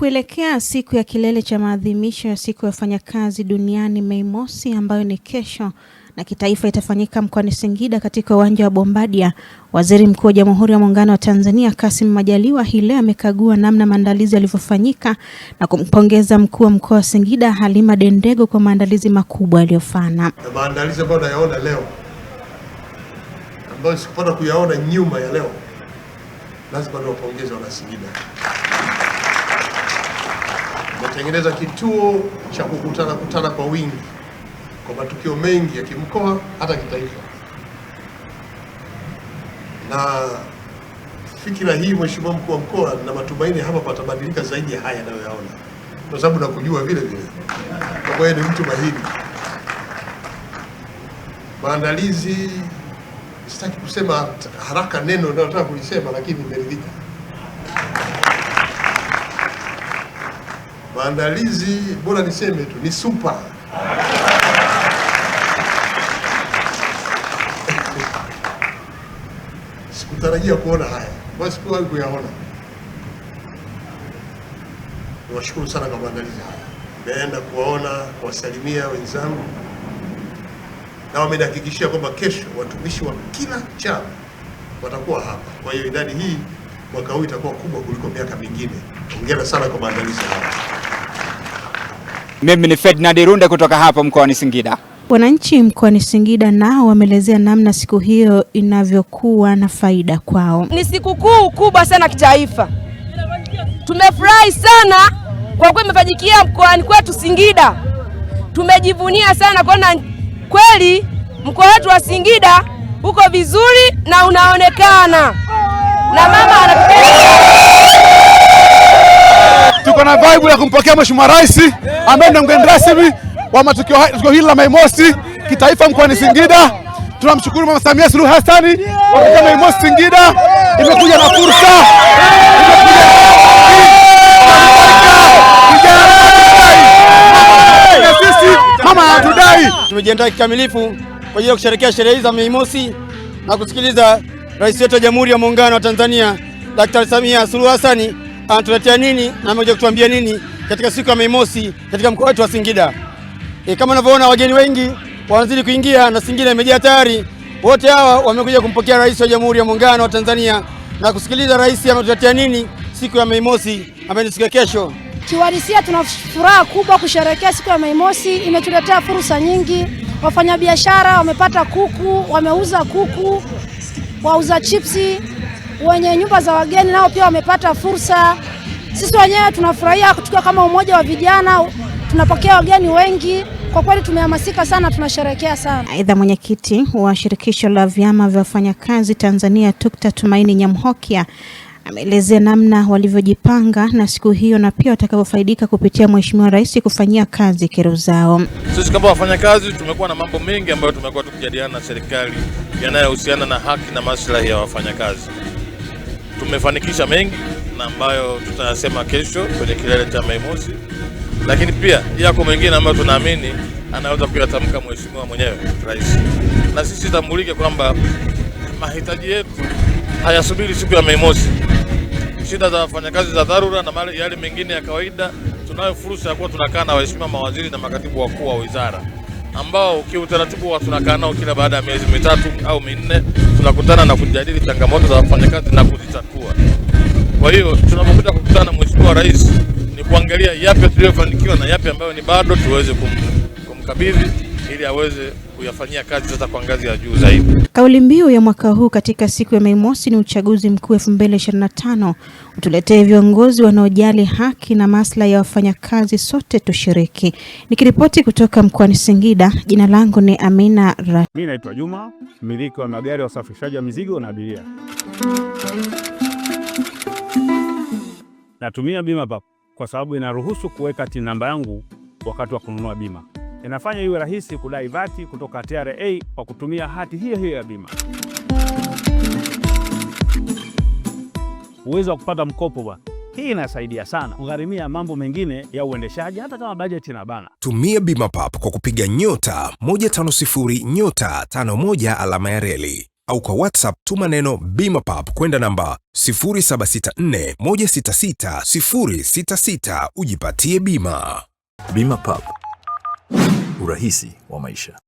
Kuelekea siku ya kilele cha maadhimisho ya siku ya wafanyakazi duniani Mei Mosi, ambayo ni kesho na kitaifa itafanyika mkoani Singida katika uwanja wa Bombadia, Waziri Mkuu wa Jamhuri ya Muungano wa Tanzania Kassim Majaliwa hii leo amekagua namna maandalizi yalivyofanyika na kumpongeza mkuu wa mkoa wa Singida Halima Dendego kwa maandalizi makubwa yaliyofana. Maandalizi ambayo nayaona leo ambayo sikupata kuyaona nyuma ya leo, lazima niwapongeze wana Singida imetengeneza kituo cha kukutana kutana kwa wingi kwa matukio mengi ya kimkoa hata kitaifa, na fikira hii, Mheshimiwa Mkuu wa Mkoa, na matumaini hapa patabadilika zaidi ya haya yanayoyaona, kwa sababu nakujua vile vile, kwa ni mtu mahiri. Maandalizi, sitaki kusema haraka neno ndio kulisema, lakini nimeridhika. maandalizi bora niseme tu ni super sikutarajia kuona haya, sikuwahi kuyaona. Niwashukuru sana kwa maandalizi haya. Nimeenda kuwaona kuwasalimia wenzangu, na wamenihakikishia kwamba kesho watumishi wa kila chama watakuwa hapa. Kwa hiyo idadi hii mwaka huu itakuwa kubwa kuliko miaka mingine. Hongera sana kwa maandalizi haya. Mimi ni Ferdinand Irunde kutoka hapa mkoani Singida. Wananchi mkoani Singida nao wameelezea namna siku hiyo inavyokuwa na faida kwao. Ni sikukuu kubwa sana kitaifa, tumefurahi sana kwa kuwa imefanyikia mkoani kwetu Singida. Tumejivunia sana kuona kweli mkoa wetu wa Singida uko vizuri na unaonekana na mama anatupenda tuko na vibe ya kumpokea Mheshimiwa Rais ambaye ndio mgeni rasmi wa matukio tukio hili la Mei Mosi kitaifa mkoani Singida. Tunamshukuru Mama Samia Suluhu Hassan kwa Mei Mosi Singida imekuja na fursa mama hatudai. Tumejiandaa kikamilifu kwa ajili ya kusherehekea sherehe hizi za Mei Mosi na kusikiliza rais wetu wa Jamhuri ya Muungano wa Tanzania Daktari Samia Suluhu Hassan anatuletea nini na amekuja kutuambia nini katika siku ya Mei Mosi katika mkoa wetu wa Singida. E, kama unavyoona wageni wengi wanazidi kuingia na Singida imejaa tayari. Wote hawa wamekuja kumpokea Rais wa Jamhuri ya Muungano wa Tanzania na kusikiliza rais ametuletea nini siku ya Mei Mosi ambayo ni siku ya kesho. Kiuhalisia tuna furaha kubwa kusherehekea siku ya Mei Mosi. Imetuletea fursa nyingi, wafanyabiashara wamepata kuku, wameuza kuku, wauza chipsi wenye nyumba za wageni nao pia wamepata fursa. Sisi wenyewe tunafurahia tukiwa kama umoja wa vijana, tunapokea wageni wengi kwa kweli tumehamasika sana, tunasherekea sana. Aidha, mwenyekiti wa shirikisho la vyama vya wafanyakazi Tanzania tukta Tumaini Nyamhokia ameelezea namna walivyojipanga na siku hiyo na pia watakavyofaidika kupitia Mheshimiwa Rais kufanyia kazi kero zao. Sisi kama wafanyakazi tumekuwa na mambo mengi ambayo tumekuwa tukijadiliana na serikali yanayohusiana na haki na maslahi ya wafanyakazi tumefanikisha mengi na ambayo tutayasema kesho kwenye kilele cha Mei Mosi, lakini pia yako mengine ambayo tunaamini anaweza kuyatamka mheshimiwa mwenyewe rais, na sisi tambulike kwamba mahitaji yetu hayasubiri siku ya Mei Mosi. Shida za wafanyakazi za dharura na yale mengine ya kawaida, tunayo fursa ya kuwa tunakaa na waheshimiwa mawaziri na makatibu wakuu wa wizara ambao kiutaratibu wa tunakaa nao kila baada ya miezi mitatu au minne, tunakutana na kujadili changamoto za wafanyakazi na kuzitatua. Kwa hiyo tunapokuja kukutana na Mheshimiwa Rais ni kuangalia yapi tuliyofanikiwa na yapi ambayo ni bado tuweze kum, kumkabidhi ili aweze kuyafanyia kazi sasa kwa ngazi ya juu zaidi. Kauli mbiu ya mwaka huu katika siku ya Mei Mosi ni uchaguzi mkuu 2025, utuletee viongozi wanaojali haki na maslahi ya wafanyakazi, sote tushiriki. Nikiripoti kutoka mkoani Singida, jina langu ni Amina Ra. Mimi naitwa Juma, mmiliki wa magari ya usafirishaji wa mizigo na abiria. Natumia bima papo kwa sababu inaruhusu kuweka TIN namba yangu wakati wa kununua bima inafanya iwe rahisi kudai vati kutoka TRA kwa kutumia hati hiyo hiyo ya bima. Uwezo wa kupata mkopo bwana, hii inasaidia sana kugharimia mambo mengine ya uendeshaji hata kama bajeti ina bana. Tumia bima pap kwa kupiga nyota 150 nyota 51 alama ya reli au kwa WhatsApp tuma neno bima pap kwenda namba 0764166066 ujipatie bima. Bima pap urahisi wa maisha.